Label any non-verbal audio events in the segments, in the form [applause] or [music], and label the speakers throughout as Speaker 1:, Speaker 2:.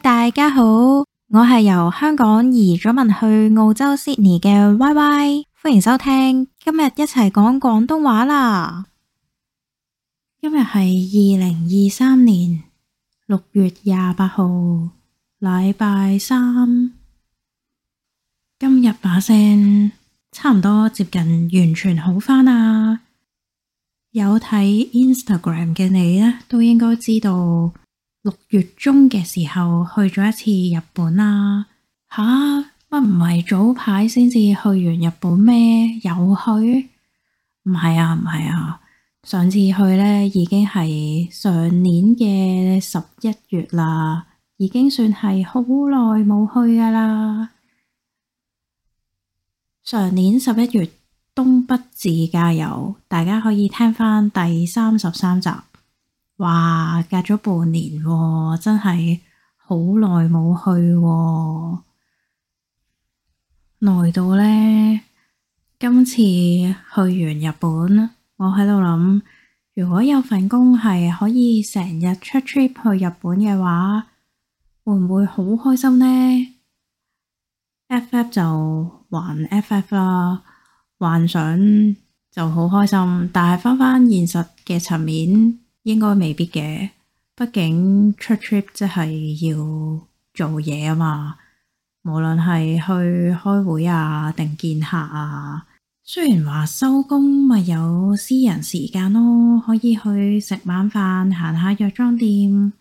Speaker 1: 大家好，我係由香港移咗民去澳洲悉尼嘅 Y Y，歡迎收聽今日一齊講廣東話啦。今日係二零二三年六月廿八號，禮拜三。今日把聲差唔多接近完全好返啦。有睇 Instagram 嘅你呢，都應該知道。六月中嘅時候去咗一次日本啦。啊，吓？乜唔係早排先至去完日本咩？又去？唔係啊，唔係啊，上次去咧已經係上年嘅十一月啦，已經算係好耐冇去噶啦。上年十一月東北自駕遊，大家可以聽翻第三十三集。話隔咗半年，真係好耐冇去，耐到呢，今次去完日本，我喺度諗，如果有份工係可以成日出 trip 去日本嘅話，會唔會好開心呢？FF 就還 FF 啦，幻想就好開心，但係翻返現實嘅層面。應該未必嘅，畢竟出 trip 即係要做嘢啊嘛。無論係去開會啊，定見客啊，雖然話收工咪有私人時間咯，可以去食晚飯、行下藥妝店，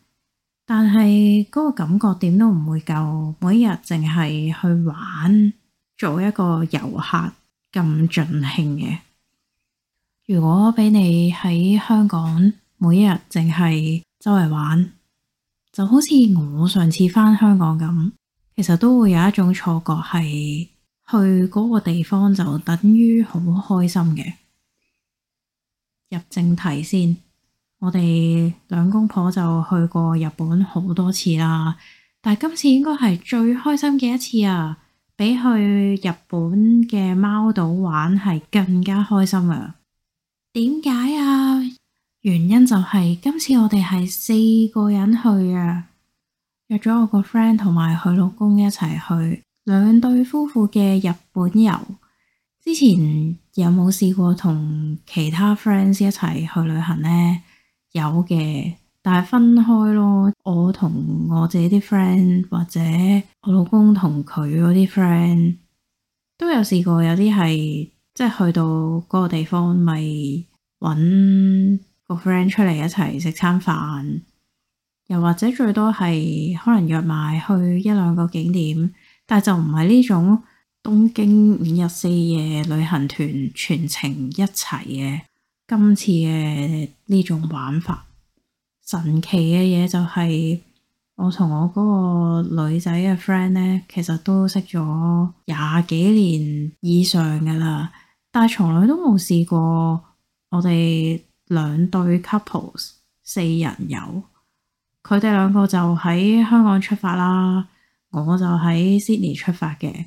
Speaker 1: 但係嗰個感覺點都唔會夠，每日淨係去玩，做一個遊客咁盡興嘅。如果俾你喺香港，每一日淨係周圍玩，就好似我上次返香港咁，其實都會有一種錯覺，係去嗰個地方就等於好開心嘅。入正題先，我哋兩公婆就去過日本好多次啦，但係今次應該係最開心嘅一次啊，比去日本嘅貓島玩係更加開心啊！點解啊？原因就係、是、今次我哋係四個人去啊，約咗我個 friend 同埋佢老公一齊去兩對夫婦嘅日本遊。之前有冇試過同其他 friends 一齊去旅行呢？有嘅，但係分開咯。我同我自己啲 friend 或者我老公同佢嗰啲 friend 都有試過。有啲係即係去到嗰個地方，咪搵。個 friend 出嚟一齊食餐飯，又或者最多係可能約埋去一兩個景點，但係就唔係呢種東京五日四夜旅行團全程一齊嘅。今次嘅呢種玩法神奇嘅嘢就係、是、我同我嗰個女仔嘅 friend 呢，其實都識咗廿幾年以上噶啦，但係從來都冇試過我哋。兩對 couple 四人遊，佢哋兩個就喺香港出發啦，我就喺 Sydney 出發嘅，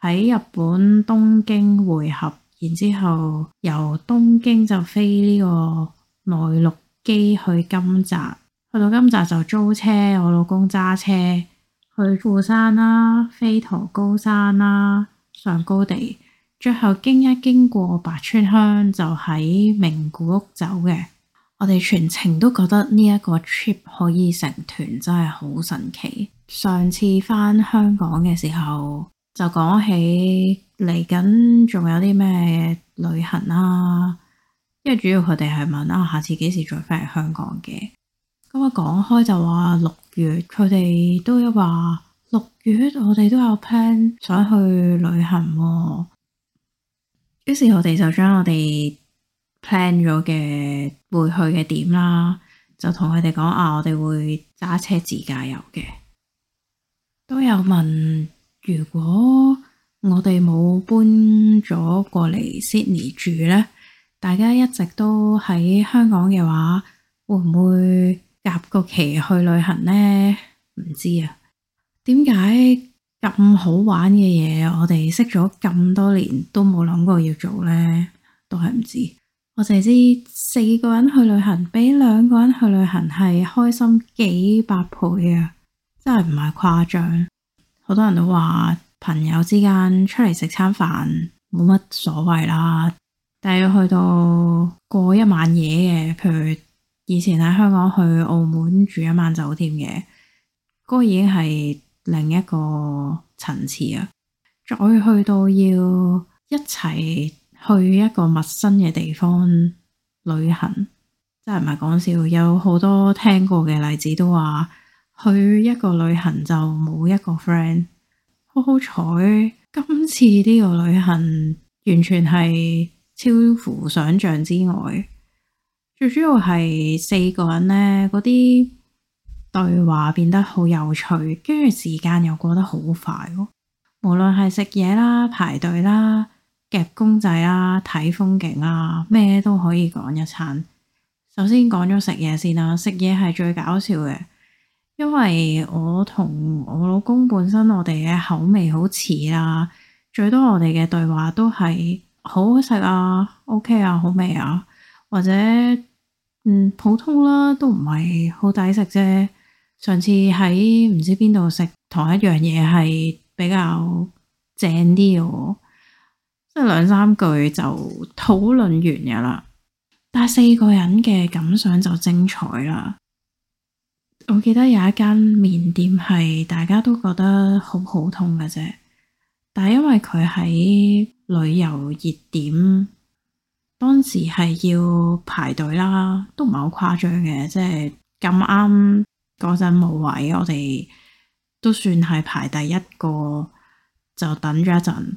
Speaker 1: 喺日本東京會合，然之後由東京就飛呢個內陸機去金澤，去到金澤就租車，我老公揸車去富山啦，飛驒高山啦，上高地。最後經一經過白川鄉，就喺名古屋走嘅。我哋全程都覺得呢一個 trip 可以成團真係好神奇。上次返香港嘅時候，就講起嚟，緊仲有啲咩旅行啦、啊。因為主要佢哋係問啦、啊，下次幾時再返嚟香港嘅。咁啊講開就話六月，佢哋都，都有話六月我哋都有 plan 想去旅行、啊。於是我我，我哋就將我哋 plan 咗嘅會去嘅點啦，就同佢哋講啊，我哋會揸車自駕遊嘅。都有問，如果我哋冇搬咗過嚟 Sydney 住咧，大家一直都喺香港嘅話，會唔會夾個期去旅行咧？唔知啊，點解？咁好玩嘅嘢，我哋識咗咁多年都冇諗過要做呢，都係唔知。我淨係知四個人去旅行，比兩個人去旅行係開心幾百倍啊，真係唔係誇張。好多人都話朋友之間出嚟食餐飯冇乜所謂啦，但要去到過一晚夜嘅，譬如以前喺香港去澳門住一晚酒店嘅，嗰個已經係。另一個層次啊，再去到要一齊去一個陌生嘅地方旅行，真係唔係講笑。有好多聽過嘅例子都話，去一個旅行就冇一個 friend。好好彩，今次呢個旅行完全係超乎想象之外。最主要係四個人呢嗰啲。對話變得好有趣，跟住時間又過得好快咯。無論係食嘢啦、排隊啦、夾公仔啦、睇風景啊，咩都可以講一餐。首先講咗食嘢先啦，食嘢係最搞笑嘅，因為我同我老公本身我哋嘅口味好似啦，最多我哋嘅對話都係好食啊、OK 啊、好味啊，或者嗯普通啦，都唔係好抵食啫。上次喺唔知邊度食同一樣嘢，係比較正啲嘅，即係兩三句就討論完㗎啦。但係四個人嘅感想就精彩啦。我記得有一間麵店係大家都覺得好普通嘅啫，但係因為佢喺旅遊熱點，當時係要排隊啦，都唔係好誇張嘅，即係咁啱。嗰陣冇位，我哋都算係排第一個，就等咗一陣。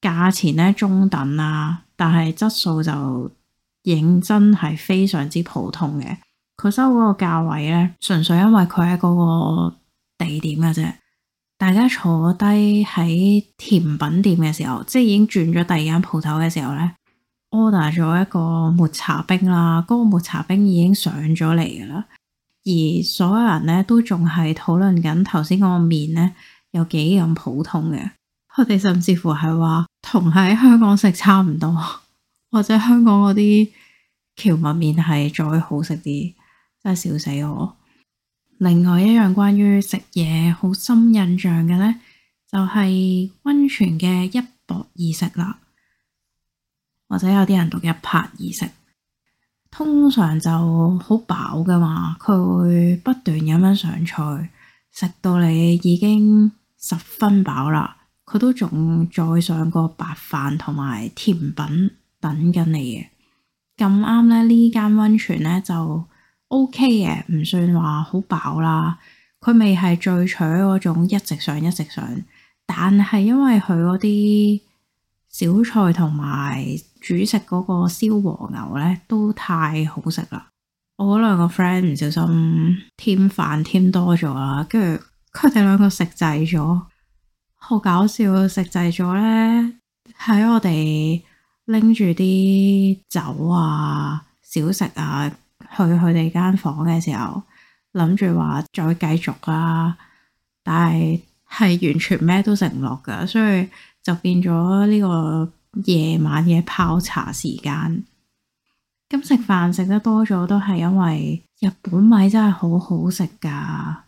Speaker 1: 價錢咧中等啦、啊，但係質素就認真係非常之普通嘅。佢收嗰個價位咧，純粹因為佢喺嗰個地點嘅啫。大家坐低喺甜品店嘅時候，即係已經轉咗第二間鋪頭嘅時候咧，order 咗一個抹茶冰啦。嗰、嗰個抹茶冰已經上咗嚟噶啦。而所有人咧都仲係討論緊頭先嗰個麵咧有幾咁普通嘅，佢哋甚至乎係話同喺香港食差唔多，或者香港嗰啲蕎麥麵係再好食啲，真係笑死我。另外一樣關於食嘢好深印象嘅咧，就係、是、温泉嘅一泊二食啦，或者有啲人讀一拍二食。通常就好飽㗎嘛，佢會不斷咁樣上菜，食到你已經十分飽啦，佢都仲再上個白飯同埋甜品等緊你嘅。咁啱咧，呢間温泉咧就 OK 嘅，唔算話好飽啦。佢未係最取嗰種一直上一直上，但係因為佢嗰啲小菜同埋。煮食嗰個燒和牛咧都太好食啦！我兩個 friend 唔小心添飯添多咗啦，跟住佢哋兩個食滯咗，好搞笑！食滯咗咧，喺我哋拎住啲酒啊、小食啊去佢哋間房嘅時候，諗住話再繼續啊，但係係完全咩都食唔落噶，所以就變咗呢個。夜晚嘅泡茶時間，咁食飯食得多咗都係因為日本米真係好好食噶，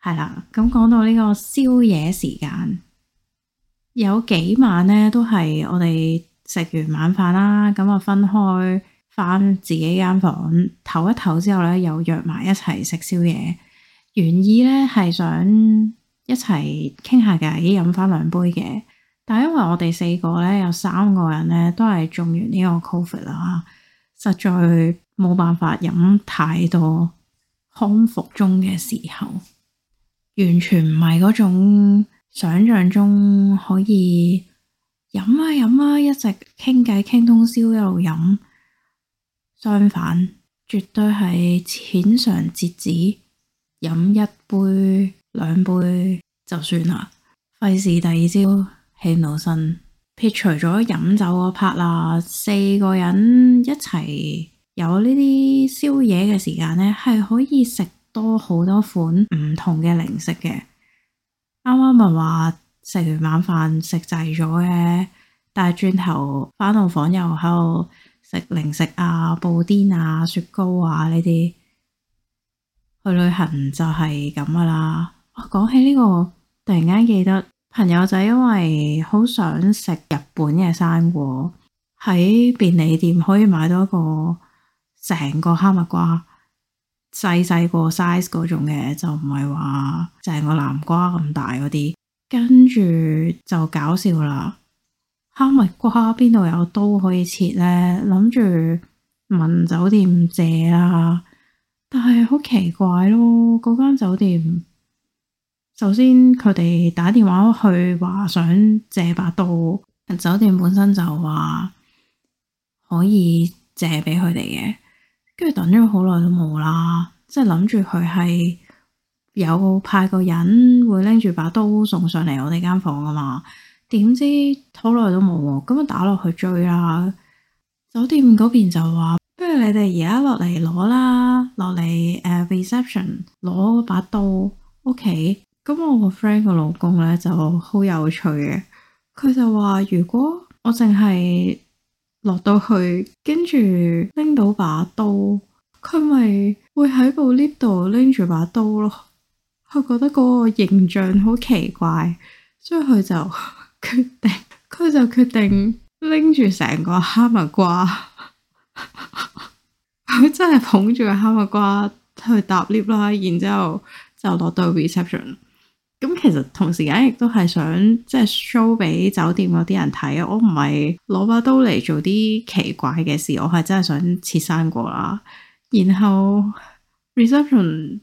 Speaker 1: 係啦。咁講到呢個宵夜時間，有幾晚呢都係我哋食完晚飯啦，咁啊分開翻自己間房唞一唞之後呢，又約埋一齊食宵夜，原意呢係想一齊傾下偈飲翻兩杯嘅。係，但因為我哋四個呢，有三個人呢都係中完呢個 Covid 啦，實在冇辦法飲太多。康復中嘅時候，完全唔係嗰種想象中可以飲啊飲啊，一直傾偈傾通宵一路飲。相反，絕對係淺嘗輒止，飲一杯兩杯就算啦，費事第二朝。起唔到身，撇除咗飲酒個 part 啦，四個人一齊有呢啲宵夜嘅時間呢係可以食多好多款唔同嘅零食嘅。啱啱咪話食完晚飯食滯咗嘅，但係轉頭返到房又喺度食零食啊、布丁啊、雪糕啊呢啲。去旅行就係咁噶啦。啊，講起呢個，突然間記得。朋友就因為好想食日本嘅生果，喺便利店可以買到一個成個哈密瓜，細細個 size 嗰種嘅，就唔係話成個個南瓜咁大嗰啲。跟住就搞笑啦，哈密瓜邊度有刀可以切呢？諗住問酒店借啦，但係好奇怪咯，嗰間酒店。首先佢哋打電話去話想借把刀，酒店本身就話可以借俾佢哋嘅，跟住等咗好耐都冇啦，即係諗住佢係有派個人會拎住把刀送上嚟我哋間房噶嘛，點知好耐都冇，咁啊打落去追啦，酒店嗰邊就話不如你哋而、uh, 家落嚟攞啦，落嚟誒 reception 攞把刀，ok。咁我個 friend 個老公咧就好有趣嘅，佢就話如果我淨係落到去，跟住拎到把刀，佢咪會喺部 lift 度拎住把刀咯。佢覺得嗰個形象好奇怪，所以佢就決定，佢就決定拎住成個哈密瓜，佢 [laughs] 真係捧住個哈密瓜去搭 lift 啦，然之後就落到 reception。咁其實同時間亦都係想即係 show 俾酒店嗰啲人睇啊！我唔係攞把刀嚟做啲奇怪嘅事，我係真係想切生果啦。然後 reception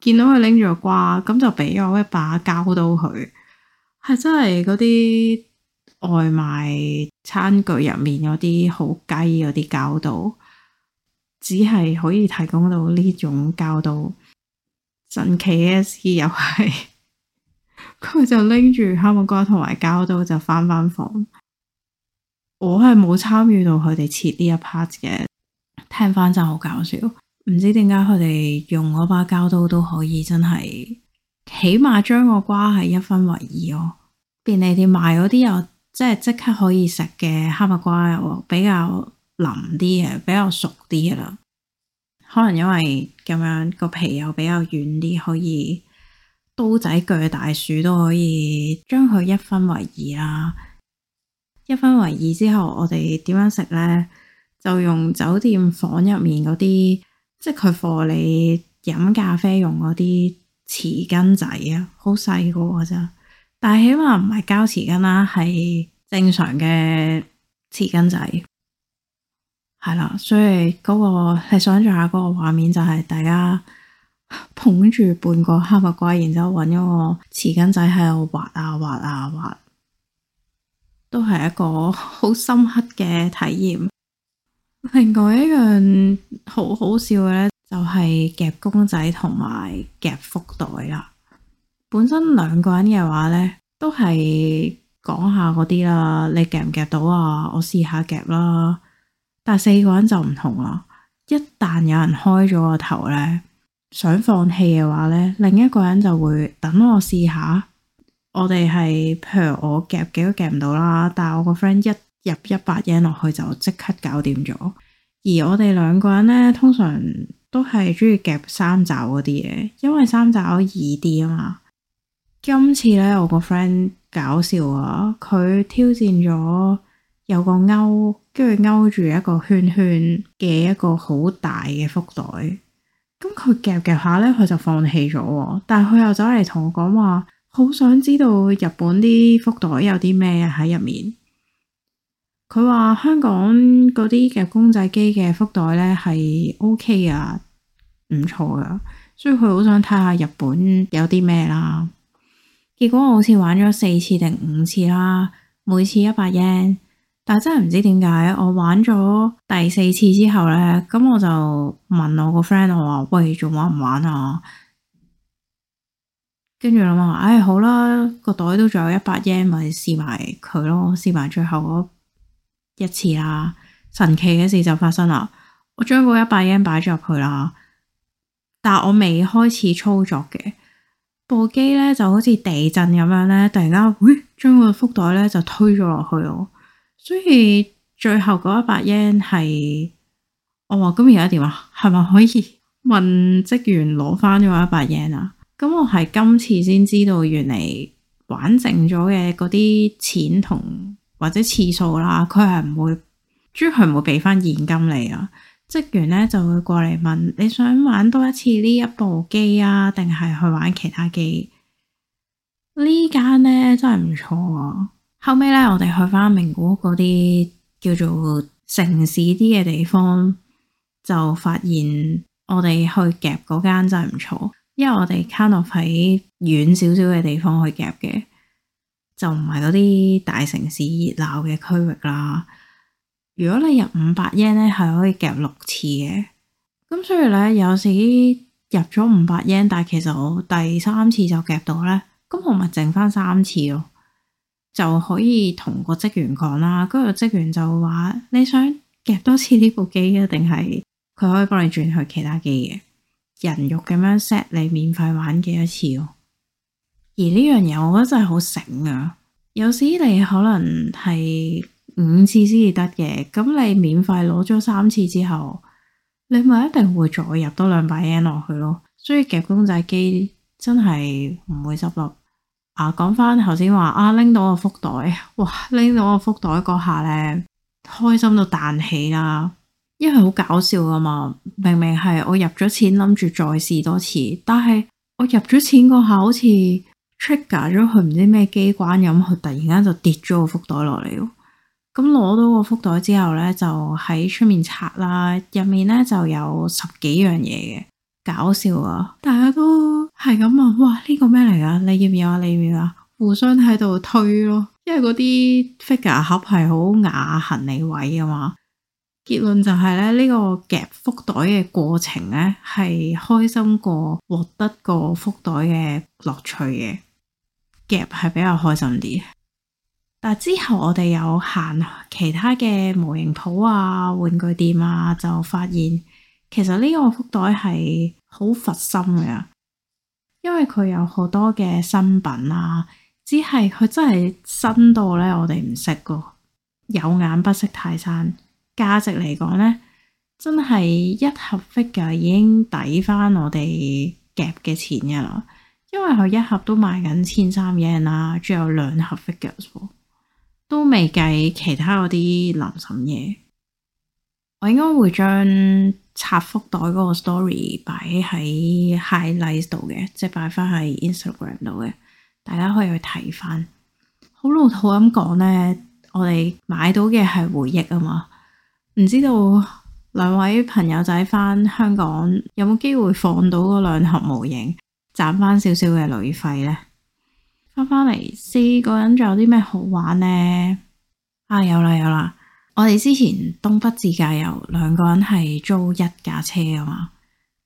Speaker 1: 見到佢拎住個瓜，咁就俾我一把膠刀佢。係真係嗰啲外賣餐具入面嗰啲好雞嗰啲膠刀，只係可以提供到呢種膠刀，神奇嘅事又係。佢就拎住哈密瓜同埋膠刀就翻翻房，我係冇參與到佢哋切呢一 part 嘅，聽翻就好搞笑，唔知點解佢哋用嗰把膠刀都可以真係，起碼將個瓜係一分為二咯。便利店賣嗰啲又即係即刻可以食嘅哈密瓜又比較腍啲嘅，比較熟啲嘅啦，可能因為咁樣個皮又比較軟啲，可以。刀仔鋸大樹都可以將佢一分為二啦，一分為二之後我哋點樣食呢？就用酒店房入面嗰啲，即係佢貨你飲咖啡用嗰啲匙羹仔啊，好細個咋，但係起碼唔係膠匙羹啦，係正常嘅匙羹仔。係啦，所以嗰、嗰個係想象下嗰個畫面就係、係、大家。捧住半個哈密瓜，然之後揾咗個匙羹仔喺度滑啊滑啊滑，都係一個好深刻嘅體驗。另外一樣好好笑嘅呢，就係夾公仔同埋夾福袋啦。本身兩個人嘅話呢，都係講下嗰啲啦，你夾唔夾到啊？我試下夾啦。但係四個人就唔同啦，一旦有人開咗個頭呢。想放棄嘅話呢，另一個人就會等我試下。我哋係譬如我夾幾都夾唔到啦，但係我個 friend 一入一百円落去就即刻搞掂咗。而我哋兩個人呢，通常都係中意夾三爪嗰啲嘢，因為三爪易啲啊嘛。今次呢，我個 friend 搞笑啊，佢挑戰咗有個勾，跟住勾住一個圈圈嘅一個好大嘅福袋。咁佢夾夾下咧，佢就放棄咗。但係佢又走嚟同我講，話好想知道日本啲福袋有啲咩喺入面。佢話香港嗰啲嘅夾公仔機嘅福袋咧係 OK 啊，唔錯噶，所以佢好想睇下日本有啲咩啦。結果我好似玩咗四次定五次啦，每次一百日圓。但真係唔知點解，我玩咗第四次之後呢，咁我就問我個 friend，我話喂，仲玩唔玩啊？跟住諗下，唉、哎，好啦，個袋都仲有一百 yen，咪試埋佢咯，試埋最後嗰一次啦。神奇嘅事就發生啦，我將嗰一百 yen 擺咗入去啦，但我未開始操作嘅，部機呢，就好似地震咁樣呢，突然間會將個福袋呢就推咗落去咯。所以最後嗰一百 yen 係，我話咁而家點啊，係咪可以問職員攞翻呢個一百 yen 啊？咁我係今次先知道，原嚟玩剩咗嘅嗰啲錢同或者次數啦，佢係唔會，即係唔會俾翻現金你啊。職員咧就會過嚟問，你想玩多一次呢一部機啊，定係去玩其他機？呢間咧真係唔錯啊。後尾咧，我哋去返名古屋嗰啲叫做城市啲嘅地方，就發現我哋去夾嗰間真係唔錯，因為我哋卡落喺遠少少嘅地方去夾嘅，就唔係嗰啲大城市熱鬧嘅區域啦。如果你入五百 yen 咧，係可以夾六次嘅，咁所以咧有時入咗五百 yen，但係其實我第三次就夾到咧，咁我咪剩翻三次咯。就可以同個職員講啦，嗰、那個職員就話：你想夾多次呢部機啊，定係佢可以幫你轉去其他機嘅人肉咁樣 set 你免費玩幾多次咯？而呢樣嘢我覺得真係好醒啊！有時你可能係五次先至得嘅，咁你免費攞咗三次之後，你咪一定會再入多兩百円落去咯。所以夾公仔機真係唔會執笠。啊，講翻頭先話啊，拎到個福袋，哇！拎到個福袋嗰下咧，開心到彈起啦，因為好搞笑噶嘛。明明係我入咗錢，諗住再試多次，但係我入咗錢嗰下，好似 trigger 咗佢唔知咩機關，咁佢突然間就跌咗個福袋落嚟咯。咁攞到個福袋之後咧，就喺出面拆啦，入面咧就有十幾樣嘢嘅。搞笑啊！大家都係咁問，哇呢個咩嚟噶？你要唔要啊？你要唔要啊？互相喺度推咯，因為嗰啲 figure 盒係好雅行李位啊嘛。結論就係咧，呢個夾福袋嘅過程呢，係開心過獲得個福袋嘅樂趣嘅，夾係比較開心啲。但之後我哋有行其他嘅模型鋪啊、玩具店啊，就發現。其實呢個福袋係好佛心嘅，因為佢有好多嘅新品啦，只係佢真係新到咧，我哋唔識噶，有眼不識泰山。價值嚟講咧，真係一盒 figure 已經抵翻我哋夾嘅錢噶啦，因為佢一盒都賣緊千三 yen 啦，仲有兩盒 figure 都未計其他嗰啲臨什嘢。我應該會將。插福袋嗰個 story 擺喺 highlight 度嘅，即係擺翻喺 Instagram 度嘅，大家可以去睇翻。好老土咁講呢，我哋買到嘅係回憶啊嘛。唔知道兩位朋友仔返香港有冇機會放到嗰兩盒模型，賺翻少少嘅旅費呢？翻返嚟四個人仲有啲咩好玩呢？啊有啦有啦。我哋之前東北自駕遊，兩個人係租一架車啊嘛，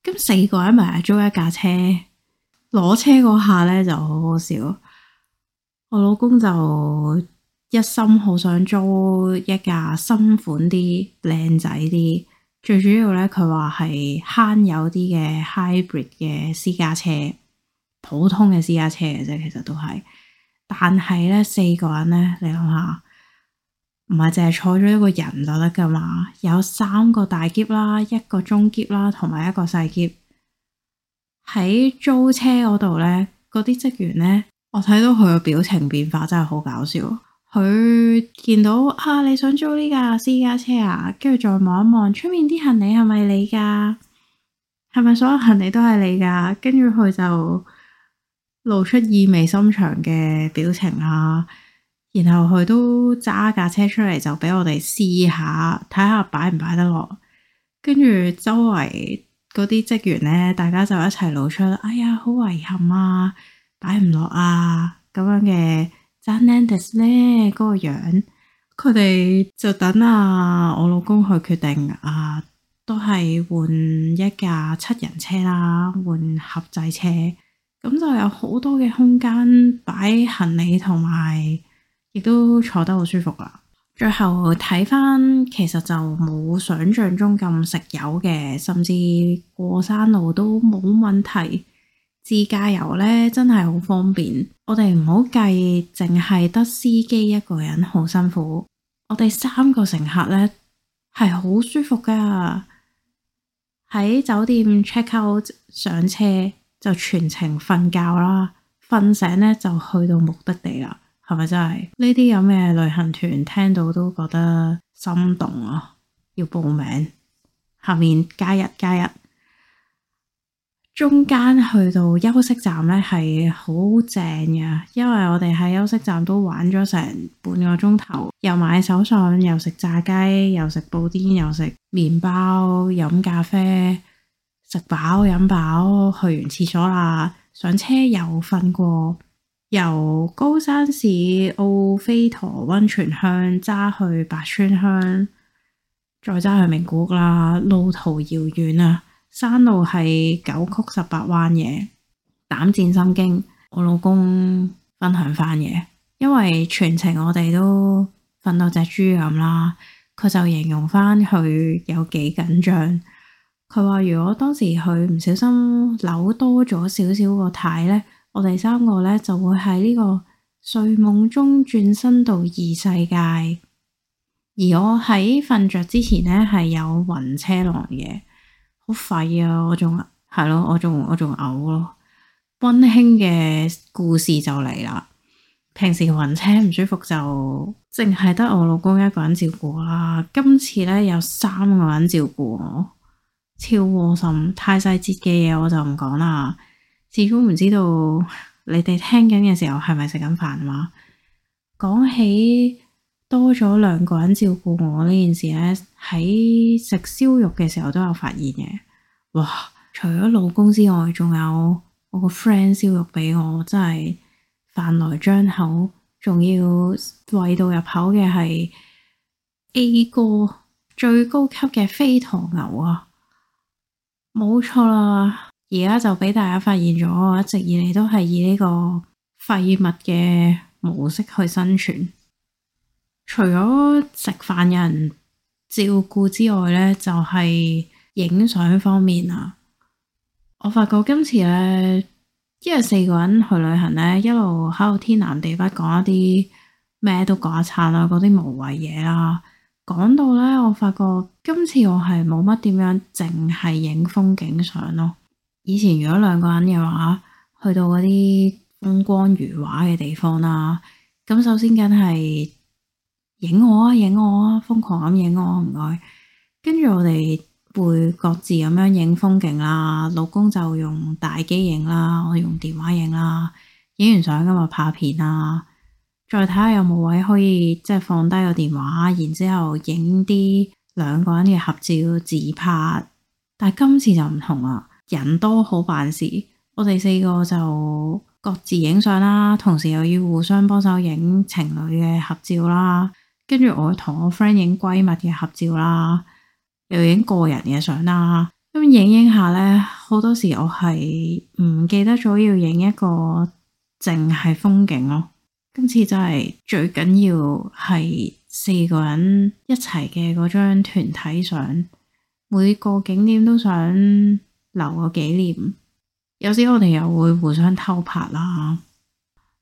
Speaker 1: 咁四個人咪係租一架車。攞車嗰下咧就好好笑。我老公就一心好想租一架新款啲靚仔啲，最主要咧佢話係慳油啲嘅 Hybrid 嘅私家車，普通嘅私家車啫，其實都係。但係咧四個人咧，你諗下。唔係淨係坐咗一個人就得㗎嘛？有三個大喼啦，一個中喼啦，同埋一個細喼。喺租車嗰度呢，嗰啲職員呢，我睇到佢個表情變化真係好搞笑。佢見到啊，你想租呢架私家車啊？跟住再望一望出面啲行李係咪你㗎？係咪所有行李都係你㗎？跟住佢就露出意味深長嘅表情啊！然後佢都揸架車出嚟，就俾我哋試下，睇下擺唔擺得落。跟住周圍嗰啲職員咧，大家就一齊露出，哎呀，好遺憾啊，擺唔落啊，咁樣嘅。咁難得咧，個樣，佢哋就等啊，我老公去決定啊，都係換一架七人車啦，換合制車，咁就有好多嘅空間擺行李同埋。亦都坐得好舒服啦。最後睇翻，其實就冇想象中咁食油嘅，甚至過山路都冇問題。自駕遊呢，真係好方便。我哋唔好計，淨係得司機一個人好辛苦。我哋三個乘客呢，係好舒服噶喺酒店 check out，上車就全程瞓覺啦，瞓醒呢，就去到目的地啦。係咪真係？呢啲有咩旅行團聽到都覺得心動啊，要報名。下面加一加一，中間去到休息站呢係好正嘅，因為我哋喺休息站都玩咗成半個鐘頭，又買手信，又食炸雞，又食布丁，又食麵包，飲咖啡，食飽飲飽，去完厠所啦，上車又瞓過。由高山市奧飛驒溫泉鄉揸去白川鄉，再揸去名古屋啦。路途遙遠啊，山路係九曲十八彎嘅，膽戰心驚。我老公分享翻嘢，因為全程我哋都瞓到隻豬咁啦。佢就形容翻佢有幾緊張。佢話如果當時佢唔小心扭多咗少少個軚呢。我哋三個咧就會喺呢個睡夢中轉身到異世界，而我喺瞓着之前咧係有暈車浪嘢，好廢啊！我仲係咯，我仲我仲嘔咯。溫馨嘅故事就嚟啦。平時暈車唔舒服就淨係得我老公一個人照顧啦。今次咧有三個人照顧我，超窩心。太細節嘅嘢我就唔講啦。始終唔知道你哋聽緊嘅時候係咪食緊飯啊？嘛，講起多咗兩個人照顧我呢件事咧，喺食燒肉嘅時候都有發現嘅。哇！除咗老公之外，仲有我個 friend 燒肉畀我，真係飯來張口，仲要餵到入口嘅係 A 哥最高級嘅飛驒牛啊！冇錯啦。而家就俾大家發現咗，我一直以嚟都係以呢個廢物嘅模式去生存。除咗食飯有人照顧之外呢，就係影相方面啊。我發覺今次呢，因為四個人去旅行呢，一路喺度天南地北講一啲咩都講一餐啦，嗰啲無謂嘢啦。講到呢，我發覺今次我係冇乜點樣，淨係影風景相咯。以前如果兩個人嘅話，去到嗰啲風光如畫嘅地方啦，咁首先梗係影我啊，影我啊，瘋狂咁影我唔該。跟住我哋會各自咁樣影風景啦，老公就用大機影啦，我用電話影啦。影完相咁，啊拍片啦，再睇下有冇位可以即係放低個電話，然之後影啲兩個人嘅合照自拍。但係今次就唔同啦。人多好辦事，我哋四個就各自影相啦，同時又要互相幫手影情侶嘅合照啦，跟住我同我 friend 影閨蜜嘅合照啦，又影個人嘅相啦。咁影影下呢，好多時我係唔記得咗要影一個淨係風景咯。今次就係最緊要係四個人一齊嘅嗰張團體相，每個景點都想。留個紀念，有時我哋又會互相偷拍啦。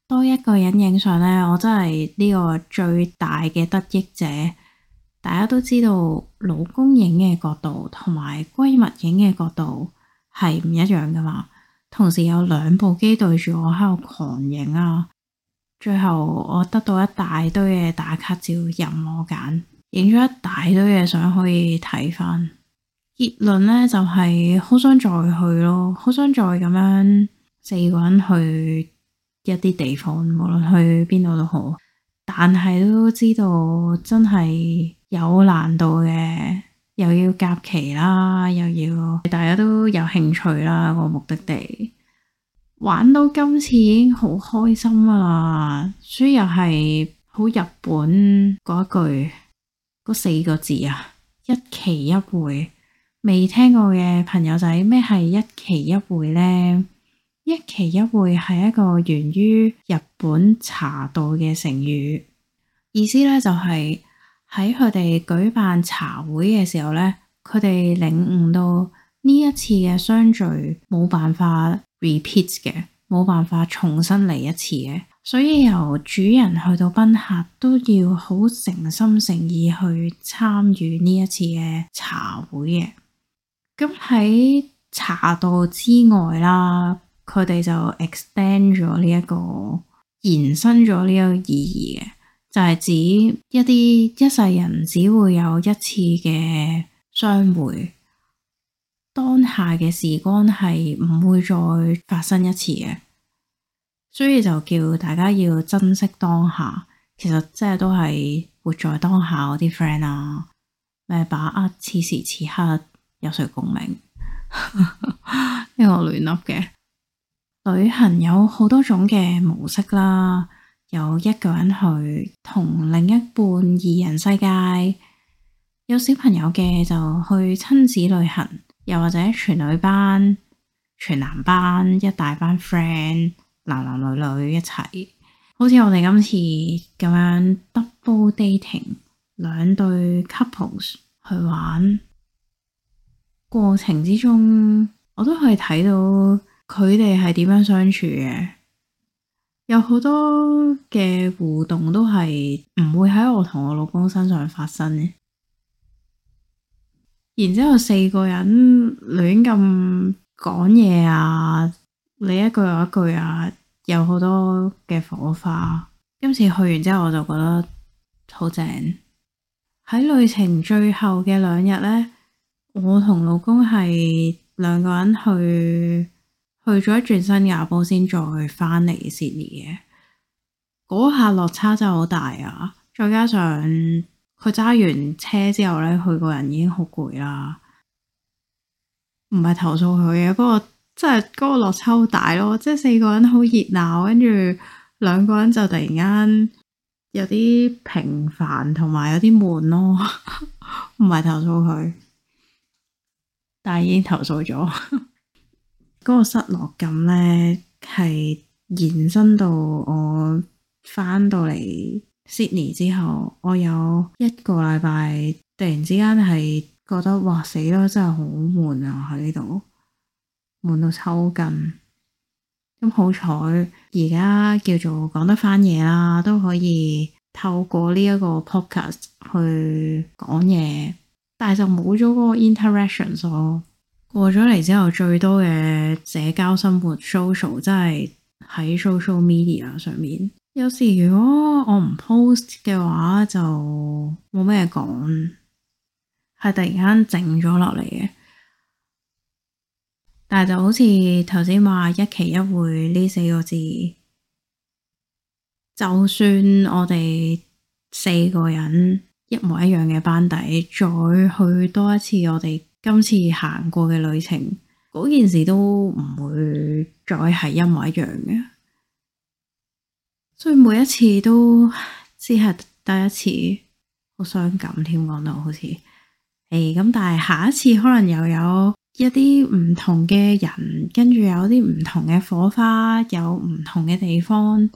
Speaker 1: 多一個人影相呢，我真係呢個最大嘅得益者。大家都知道，老公影嘅角度同埋閨蜜影嘅角度係唔一樣㗎嘛。同時有兩部機對住我喺度狂影啊，最後我得到一大堆嘅打卡照，任我揀，影咗一大堆嘅相可以睇返。結論呢，就係、是、好想再去咯，好想再咁樣四個人去一啲地方，無論去邊度都好。但係都知道真係有難度嘅，又要夾期啦，又要大家都有興趣啦個目的地。玩到今次已經好開心啦，所以又係好日本嗰一句嗰四個字啊，一期一會。未聽過嘅朋友仔，咩係一期一會呢？一期一會係一個源於日本茶道嘅成語，意思咧就係喺佢哋舉辦茶會嘅時候咧，佢哋領悟到呢一次嘅相聚冇辦法 repeat 嘅，冇辦法重新嚟一次嘅，所以由主人去到賓客都要好誠心誠意去參與呢一次嘅茶會嘅。咁喺茶道之外啦，佢哋就 extend 咗呢、這、一個延伸咗呢個意義嘅，就係、是、指一啲一世人只會有一次嘅相會，當下嘅時光係唔會再發生一次嘅，所以就叫大家要珍惜當下。其實即係都係活在當下啲 friend 啊，咩把握此時此刻。有誰共鳴？呢個亂噏嘅，旅行有好多種嘅模式啦，有一個人去，同另一半二人世界，有小朋友嘅就去親子旅行，又或者全女班、全男班，一大班 friend，男男女女一齊，好似我哋今次咁樣 double dating，兩對 couples 去玩。過程之中，我都係睇到佢哋係點樣相處嘅，有好多嘅互動都係唔會喺我同我老公身上發生嘅。然之後四個人亂咁講嘢啊，你一句我一句啊，有好多嘅火花。今次去完之後，我就覺得好正。喺旅程最後嘅兩日呢。我同老公係兩個人去，去咗一轉新加坡先，再翻嚟悉尼嘅，嗰下落差真係好大啊！再加上佢揸完車之後咧，佢個人已經好攰啦，唔係投訴佢嘅，不過係嗰個落差好大咯。即係四個人好熱鬧，跟住兩個人就突然間有啲平凡，同埋有啲悶咯，唔 [laughs] 係投訴佢。但已經投訴咗，嗰個失落感呢，係延伸到我返到嚟 Sydney 之後，我有一個禮拜突然之間係覺得哇，死囉，真係好悶啊喺呢度，悶到抽筋。咁好彩而家叫做講得返嘢啦，都可以透過呢一個 podcast 去講嘢。但係就冇咗嗰個 interactions 咯，過咗嚟之後最多嘅社交生活 social，真係喺 social media 上面。有時如果我唔 post 嘅話，就冇咩講，係突然間靜咗落嚟嘅。但係就好似頭先話一期一會呢四個字，就算我哋四個人。一模一樣嘅班底，再去多一次我哋今次行過嘅旅程，嗰件事都唔會再係一模一樣嘅，所以每一次都只係得一次，好傷感添，講到好似，誒、哎、咁，但係下一次可能又有，有一啲唔同嘅人，跟住有啲唔同嘅火花，有唔同嘅地方，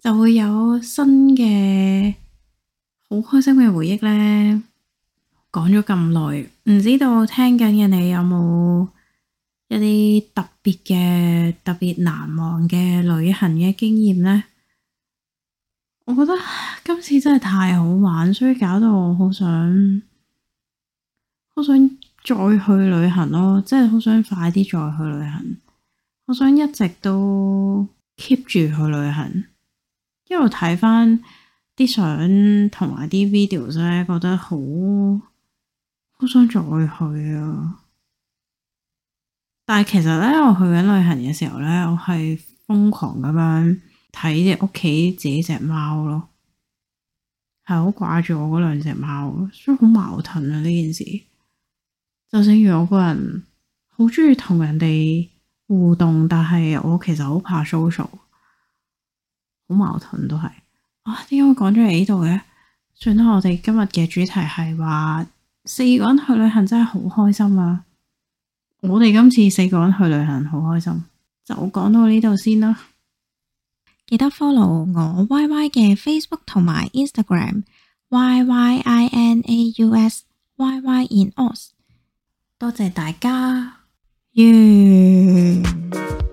Speaker 1: 就會有新嘅。好開心嘅回憶呢，講咗咁耐，唔知道聽緊嘅你有冇一啲特別嘅，特別難忘嘅旅行嘅經驗呢？我覺得今次真係太好玩，所以搞到我好想，好想再去旅行咯，真係好想快啲再去旅行，好想一直都 keep 住去旅行，一路睇翻。啲相同埋啲 videos 咧，覺得好，好想再去啊！但係其實咧，我去緊旅行嘅時候咧，我係瘋狂咁樣睇隻屋企自己隻貓咯，係好掛住我嗰兩隻貓，所以好矛盾啊！呢件事就正如我個人好中意同人哋互動，但係我其實好怕 social，好矛盾都係。哇！點解、啊、我講咗嚟呢度嘅？算啦，我哋今日嘅主題係話四個人去旅行真係好開心啊！我哋今次四個人去旅行好開心，就講到呢度先啦。記得 follow 我 YY agram, Y Y 嘅 Facebook 同埋 Instagram Y Y I N A U S Y Y In Aus，多謝大家，嗯、yeah.。